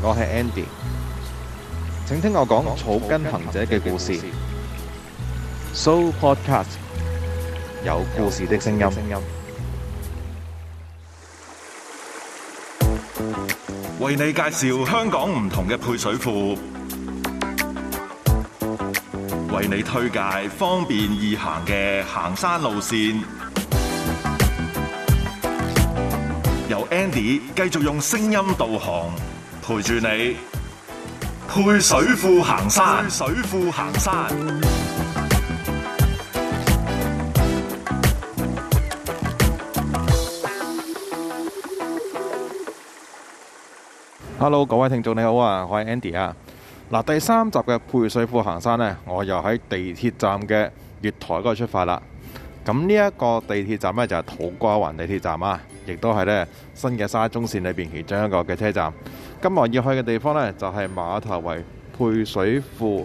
我係 Andy，請聽我講草根行者嘅故事。So Podcast 有故事的聲音，聲音為你介紹香港唔同嘅配水庫，為你推介方便易行嘅行山路線。由 Andy 繼續用聲音導航。陪住你，配水庫行山。水庫行山。Hello，各位聽眾你好啊，我係 Andy 啊。嗱，第三集嘅配水庫行山呢，我又喺地鐵站嘅月台嗰度出發啦。咁呢一個地鐵站呢，就係土瓜灣地鐵站啊。亦都係咧新嘅沙中線裏邊其中一個嘅車站。今日要去嘅地方呢，就係、是、馬頭圍配水庫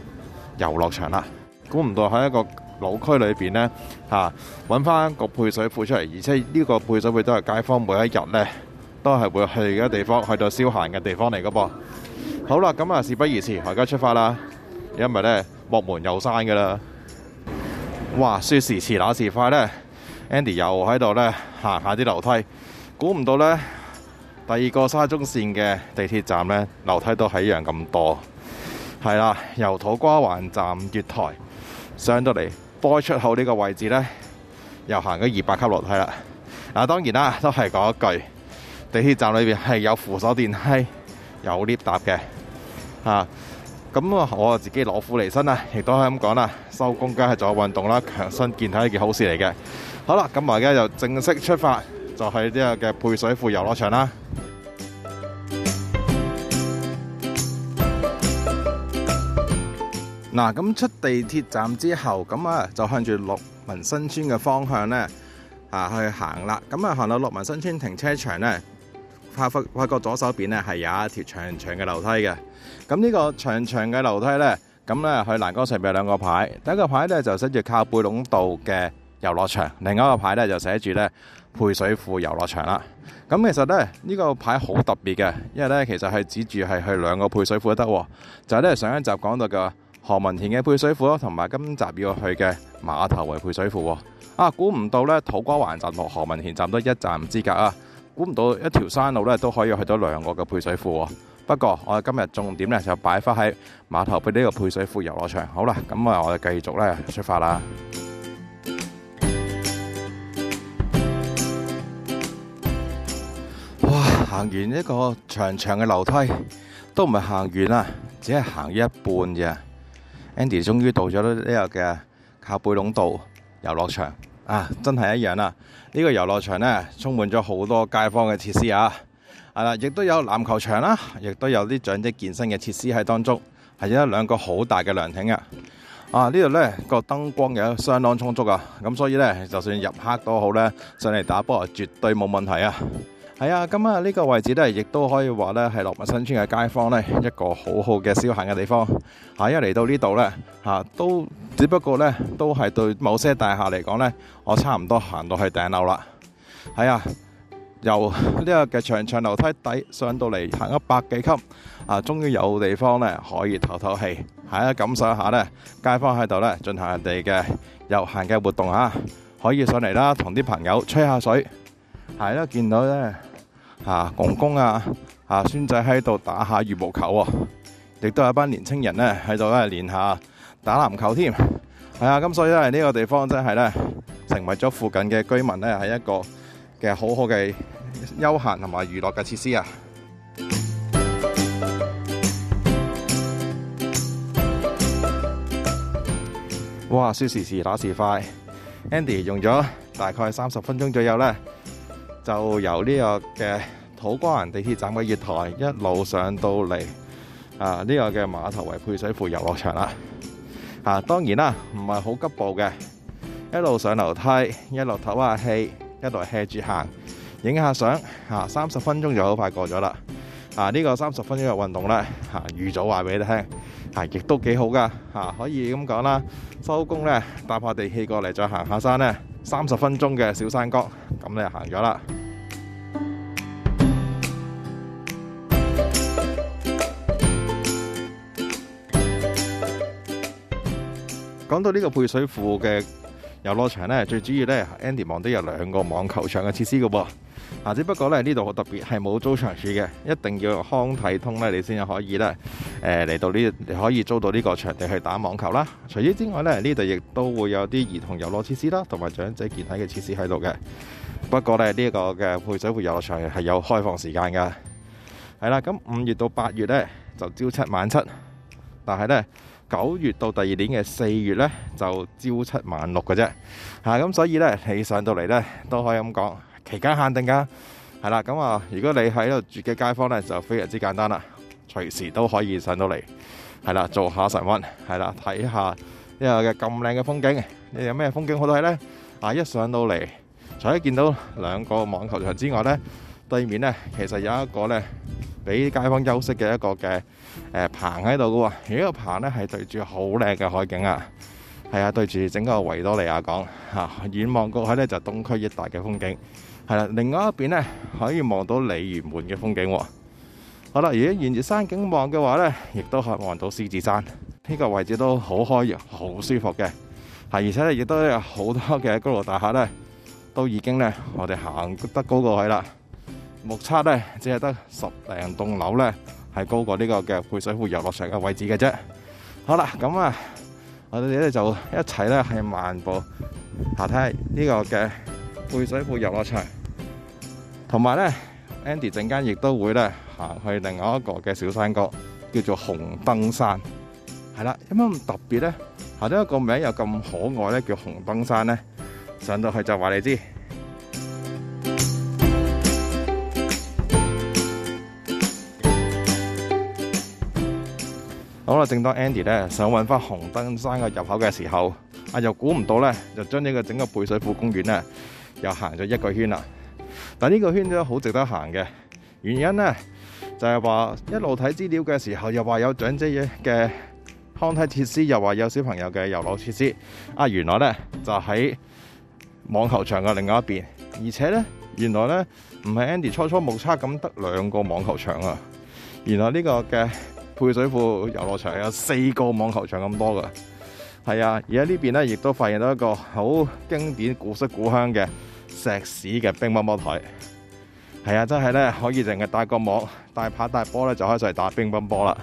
遊樂場啦。估唔到喺一個老區裏邊呢，吓搵翻個配水庫出嚟，而且呢個配水庫都係街坊每一日呢都係會去嘅地方，去到消閒嘅地方嚟噶噃。好啦，咁啊事不宜遲，大家出發啦，因為呢，木門又閂噶啦。哇，說時遲那時快呢，Andy 又喺度呢，行下啲樓梯。估唔到呢，第二個沙中線嘅地鐵站呢，樓梯都係一樣咁多。係啦，由土瓜灣站月台上到嚟 B 出口呢個位置呢，又行咗二百級樓梯啦。嗱，啊，當然啦，都係講一句，地鐵站裏邊係有扶手電梯，有 lift 搭嘅。咁啊，我自己攞苦嚟辛啦，亦都係咁講啦，收工梗係做運動啦，強身健體係一件好事嚟嘅。好啦，咁我而家就正式出發。就係呢個嘅配水庫遊樂場啦。嗱，咁出地鐵站之後，咁啊就向住樂民新村嘅方向咧啊去行啦。咁啊行到樂民新村停車場咧，發發發覺左手邊咧係有一條長長嘅樓梯嘅。咁呢個長長嘅樓梯咧，咁咧去欄杆上面有兩個牌，第一個牌咧就寫住靠背壟道嘅。遊樂場，另一個牌咧就寫住咧配水庫遊樂場啦。咁其實咧呢、這個牌好特別嘅，因為咧其實係指住係去兩個配水庫都得、哦。就係、是、咧上一集講到嘅何文田嘅配水庫，同埋今集要去嘅碼頭圍配水庫、哦。啊，估唔到咧土瓜灣站同何文田站都一站之隔啊！估唔到一條山路咧都可以去到兩個嘅配水庫、哦。不過我哋今日重點咧就擺翻喺碼頭圍呢個配水庫遊樂場。好啦，咁啊我哋繼續咧出發啦。行完一個長長嘅樓梯，都唔係行完啦，只係行咗一半啫。Andy 終於到咗呢呢個嘅靠背壟道遊樂場啊，真係一樣啦、啊。呢、呢個遊樂場咧，充滿咗好多街坊嘅設施啊。係、啊、啦，亦都有籃球場啦、啊，亦都有啲長者健身嘅設施喺當中，係有一兩個好大嘅涼亭啊。啊，這呢度呢個燈光有相當充足啊。咁所以呢，就算入黑都好呢，上嚟打波絕對冇問題啊。係啊，咁啊呢個位置呢，亦都可以話呢，係樂民新村嘅街坊呢，一個好好嘅消閒嘅地方。吓，一嚟到呢度呢，吓、啊、都只不過呢，都係對某些大廈嚟講呢，我差唔多行到去頂樓啦。係啊，由呢個嘅長長樓梯底上到嚟行一百幾級，啊，終於有地方呢，可以透透氣，係啊，感受一下呢，街坊喺度呢，進行人哋嘅遊閒嘅活動啊，可以上嚟啦，同啲朋友吹下水。係啦，見到咧，啊公公啊，啊孫仔喺度打下羽毛球喎，啊，亦都有一班年青人咧喺度咧練下打籃球添。係啊，咁所以咧呢，呢個地方真係咧，成為咗附近嘅居民咧係一個嘅好好嘅休閒同埋娛樂嘅設施啊！哇，說時遲那時快，Andy 用咗大概三十分鐘左右咧。就由呢個嘅土瓜灣地鐵站嘅月台一路上到嚟啊，呢個嘅碼頭圍配水庫遊樂場啦。啊當然啦，唔係好急步嘅，一路上樓梯，一路唞下氣，一路 hea 住行，影下相啊，三十分鐘就好快過咗啦。啊呢個三十分鐘嘅運動咧啊預早話俾你聽啊，亦都幾好噶吓，可以咁講啦，收工咧搭下地鐵過嚟再行下山咧，三十分鐘嘅小山崗。咁你行咗啦。講到呢個配水庫嘅遊樂場呢，最主要呢 Andy 網都有兩個網球場嘅設施噶噃。啊，只不過咧呢度好特別，係冇租場處嘅，一定要用康體通呢，你先係可以呢。誒嚟到呢，你可以租到呢個場地去打網球啦。除此之外呢，呢度亦都會有啲兒童遊樂設施啦，同埋長者健體嘅設施喺度嘅。不過呢，呢、呢個嘅配水湖遊樂場係有開放時間噶。係啦，咁五月到八月呢，就朝七晚七，但係呢，九月到第二年嘅四月呢，就朝七晚六嘅啫。咁、啊、所以呢，你上到嚟呢，都可以咁講，期間限定㗎。係啦，咁啊，如果你喺度住嘅街坊呢，就非常之簡單啦。隨時都可以上到嚟，係啦，做下晨運，係啦，睇下呢個嘅咁靚嘅風景，你有咩風景好睇咧？啊，一上到嚟，除咗見到兩個網球場之外咧，對面咧其實有一個咧俾街坊休息嘅一個嘅誒棚喺度嘅喎，而呢個棚咧係對住好靚嘅海景啊，係啊，對住整個維多利亞港嚇，遠望過去咧就係東區一帶嘅風景，係啦，另外一邊咧可以望到鯉魚門嘅風景喎。好啦，而家沿住山景望嘅話咧，亦都可望到獅子山呢個位置都好開揚，好舒服嘅。吓，而且咧亦都有好多嘅高樓大廈咧，都已經咧我哋行得高過去啦。目測咧，只係得十零棟樓咧係高過呢個嘅配水庫遊樂場嘅位置嘅啫。好啦，咁啊，我哋咧就一齊咧去漫步下睇呢個嘅配水庫遊樂場，同埋咧。Andy 陣間亦都會咧行去另外一個嘅小山角，叫做紅燈山，係啦，有乜咁特別咧？下到一個名字又咁可愛咧，叫紅燈山咧，上到去就話你知。好啦，正當 Andy 咧想搵翻紅燈山嘅入口嘅時候，啊又估唔到咧，就將呢個整個背水庫公園咧又行咗一個圈啦。嗱，呢個圈都好值得行嘅，原因咧就係話一路睇資料嘅時候，又話有長者嘅康體設施，又話有小朋友嘅遊樂設施。啊，原來咧就喺網球場嘅另外一邊，而且咧原來咧唔係 Andy 初初目測咁得兩個網球場啊，原來呢個嘅配水庫遊樂場有四個網球場咁多噶。係啊，而喺呢邊咧亦都發現到一個好經典古色古香嘅。石屎嘅乒乓波台係啊，真係呢，可以淨係帶個網、帶拍、帶波呢，就可以上嚟打乒乓波啦。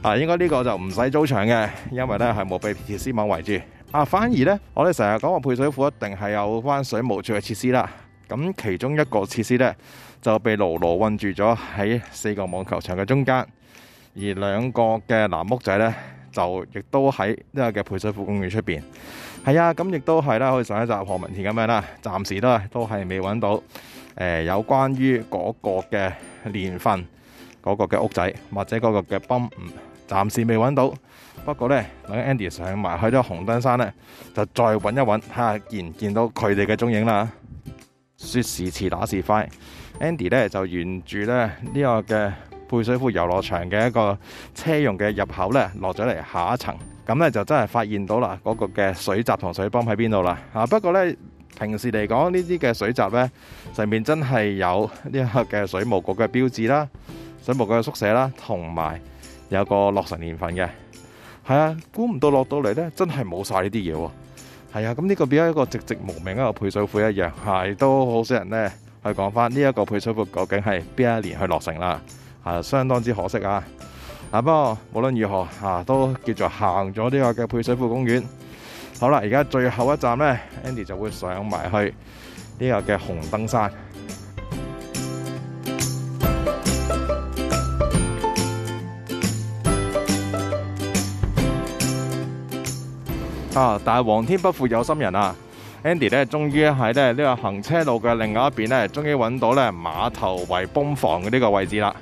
啊，應該呢個就唔使租場嘅，因為呢係冇被鐵絲網圍住啊。反而呢，我哋成日講話配水庫一定係有關水務處嘅設施啦。咁其中一個設施呢，就被牢牢韞住咗喺四個網球場嘅中間，而兩個嘅藍屋仔呢。就亦都喺呢個嘅配水庫公園出邊，係啊，咁亦都係啦，好似上一集何文田咁樣啦，暫時咧都係未揾到誒、呃、有關於嗰個嘅年份嗰、那個嘅屋仔或者嗰個嘅泵，暫時未揾到。不過咧，等 Andy 上埋去咗紅燈山咧，就再揾一揾，睇下，見唔見到佢哋嘅蹤影啦。説時遲，打時快。Andy 咧就沿住咧呢、這個嘅。配水庫遊樂場嘅一個車用嘅入口咧，落咗嚟下一層咁咧，就真係發現到啦嗰個嘅水閘同水泵喺邊度啦嚇。不過咧，平時嚟講，呢啲嘅水閘咧，上面真係有呢個嘅水務局嘅標誌啦、水務局嘅宿舍啦，同埋有個落成年份嘅。係啊，估唔到落到嚟咧，真係冇晒呢啲嘢喎。係啊，咁呢個變咗一個籍籍無名嘅一個配水庫一樣，係都好少人咧去講翻呢一個配水庫究竟係邊一年去落成啦。啊，相當之可惜啊！啊，不過無論如何嚇，啊，都叫做行咗呢個嘅配水庫公園好了。好啦，而家最後一站呢 Andy 就會上埋去呢個嘅紅燈山啊。啊！但係皇天不負有心人啊！Andy 咧終於喺咧呢個行車路嘅另外一邊咧，終於揾到呢碼頭圍泵房嘅呢個位置啦。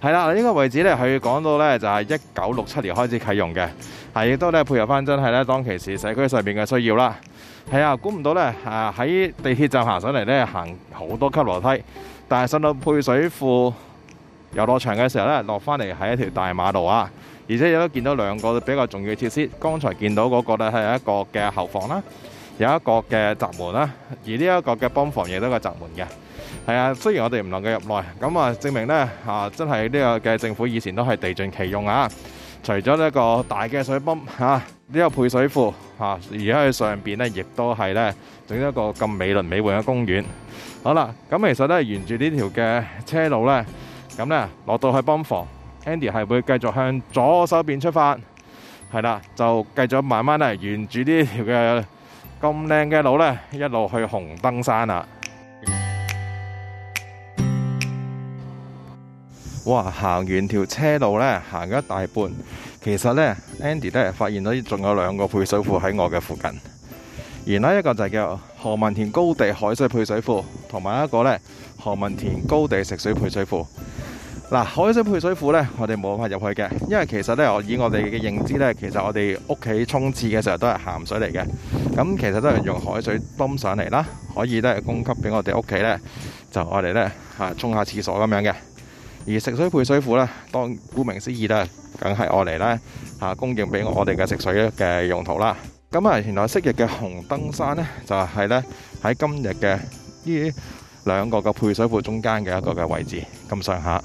係啦，呢、這個位置咧，佢講到咧就係一九六七年開始啟用嘅，係亦都咧配合翻真係咧當其時社區上邊嘅需要啦。係呀，估唔到咧，誒、啊、喺地鐵站行上嚟咧，行好多級樓梯，但係上到配水庫遊樂場嘅時候咧，落翻嚟喺一條大馬路啊！而且亦都見到兩個比較重要嘅設施，剛才見到嗰個咧係一個嘅後房啦。有一個嘅閘門啦，而呢一個嘅泵房亦都係閘門嘅，係啊。雖然我哋唔能夠入內，咁啊，證明咧啊，真係呢個嘅政府以前都係地盡其用啊。除咗呢個大嘅水泵啊，呢個配水庫啊，而家喺上邊咧亦都係咧，整咗一個咁美輪美奐嘅公園。好啦，咁其實咧沿住呢條嘅車路咧，咁咧落到去泵房，Andy 係會繼續向左手邊出發，係啦，就繼續慢慢咧沿住呢條嘅。咁靚嘅路呢，一路去紅燈山啊！哇，行完條車路呢，行咗一大半，其實呢 Andy 呢，發現咗仲有兩個配水庫喺我嘅附近。然後一個就叫何文田高地海水配水庫，同埋一個呢，何文田高地食水配水庫。嗱，海水配水庫呢，我哋冇辦法入去嘅，因為其實呢，我以我哋嘅認知呢，其實我哋屋企沖廁嘅時候都係鹹水嚟嘅。咁其實都係用海水泵上嚟啦，可以咧供給俾我哋屋企咧，就我哋咧吓沖下廁所咁樣嘅。而食水配水庫咧，當顧名思義咧，梗係我嚟咧吓供應俾我我哋嘅食水嘅用途啦。咁啊，原來昔日嘅紅燈山咧，就係咧喺今日嘅呢兩個嘅配水庫中間嘅一個嘅位置咁上下。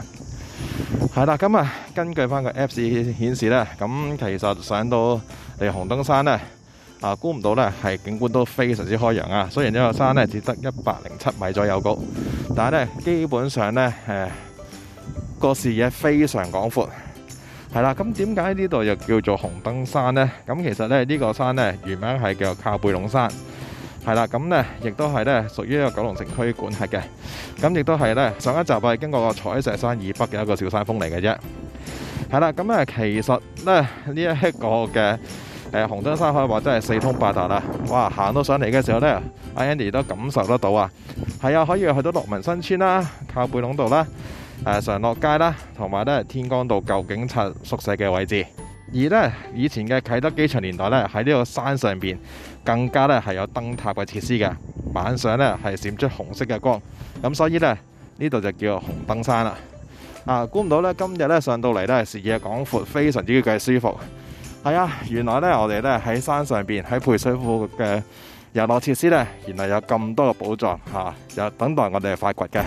係啦，咁啊，根據翻個 Apps 顯示咧，咁其實上到嚟紅燈山咧。啊，估唔到呢係景觀都非常之開揚啊！雖然呢個山呢只得一百零七米左右高，但係呢基本上呢誒個、呃、視野非常廣闊。係啦，咁點解呢度又叫做紅燈山呢？咁其實呢，呢、呢個山呢原名係叫靠背龍山，係啦，咁呢亦都係呢屬於一個九龍城區管轄嘅。咁亦都係呢上一集係係經過個彩石山以北嘅一個小山峰嚟嘅啫。係啦，咁呢其實呢，呢、呢、一個嘅。誒紅燈山可以話真係四通八達啦！哇，行到上嚟嘅時候呢，阿 Andy 都感受得到啊！係啊，可以去到樂民新村啦、靠背龍道啦、誒、呃、常樂街啦，同埋都係天光道舊警察宿舍嘅位置。而呢以前嘅啟德機場年代呢，喺呢個山上邊更加呢係有燈塔嘅設施嘅，晚上呢係閃出紅色嘅光，咁所以呢，呢度就叫做紅燈山啦。啊，估唔到呢，今日呢上到嚟呢，係視野廣闊，非常之嘅舒服。係啊，原來咧我哋咧喺山上邊喺培水庫嘅遊樂設施咧，原來有咁多嘅寶藏吓，有、啊、等待我哋發掘嘅。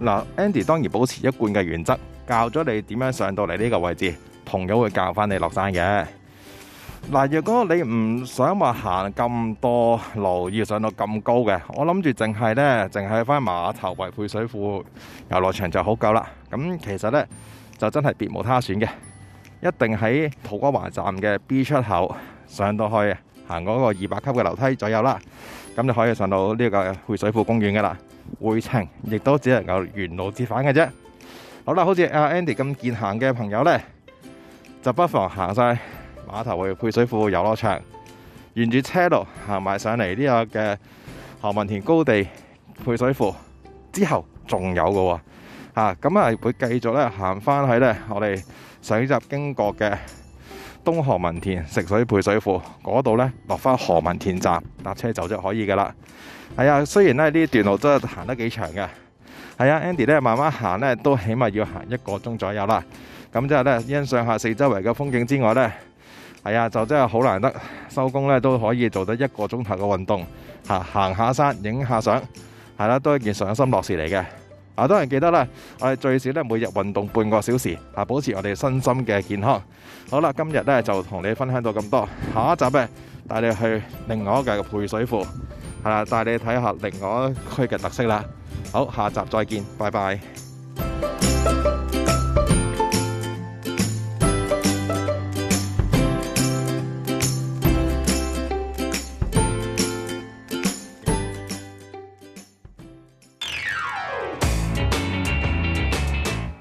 嗱、嗯、Andy 當然保持一貫嘅原則，教咗你點樣上到嚟呢個位置，同樣會教翻你落山嘅。嗱，如果你唔想話行咁多路，要上到咁高嘅，我諗住淨係呢，淨係翻馬頭圍配水庫遊樂場就好夠啦。咁其實呢，就真係別無他選嘅，一定喺土瓜灣站嘅 B 出口上到去，行嗰個二百級嘅樓梯左右啦，咁就可以上到呢個配水庫公園噶啦。回程亦都只能夠沿路折返嘅啫。好啦，好似阿 Andy 咁健行嘅朋友呢，就不妨行晒。碼頭會配水庫遊樂場，沿住車路行埋上嚟，呢個嘅何文田高地配水庫之後還有的，仲有嘅吓，咁係會繼續咧行翻去咧，我哋上集經過嘅東何文田食水配水庫嗰度咧，落翻何文田站搭車走就可以嘅啦。係啊，雖然咧呢呢段路真係行得幾長嘅，係啊，Andy 咧慢慢行咧都起碼要行一個鐘左右啦。咁之後咧欣賞下四周圍嘅風景之外咧。係啊，就真係好難得收工呢都可以做得一個鐘頭嘅運動，吓行下山影下相，係啦、啊，都係一件賞心樂事嚟嘅。啊，當然記得啦，我哋最少每日運動半個小時，啊，保持我哋身心嘅健康。好啦，今日呢就同你分享到咁多，下一集呢，帶你去另外一個嘅配水庫係啦、啊，帶你睇下另外一區嘅特色啦。好，下集再見，拜拜。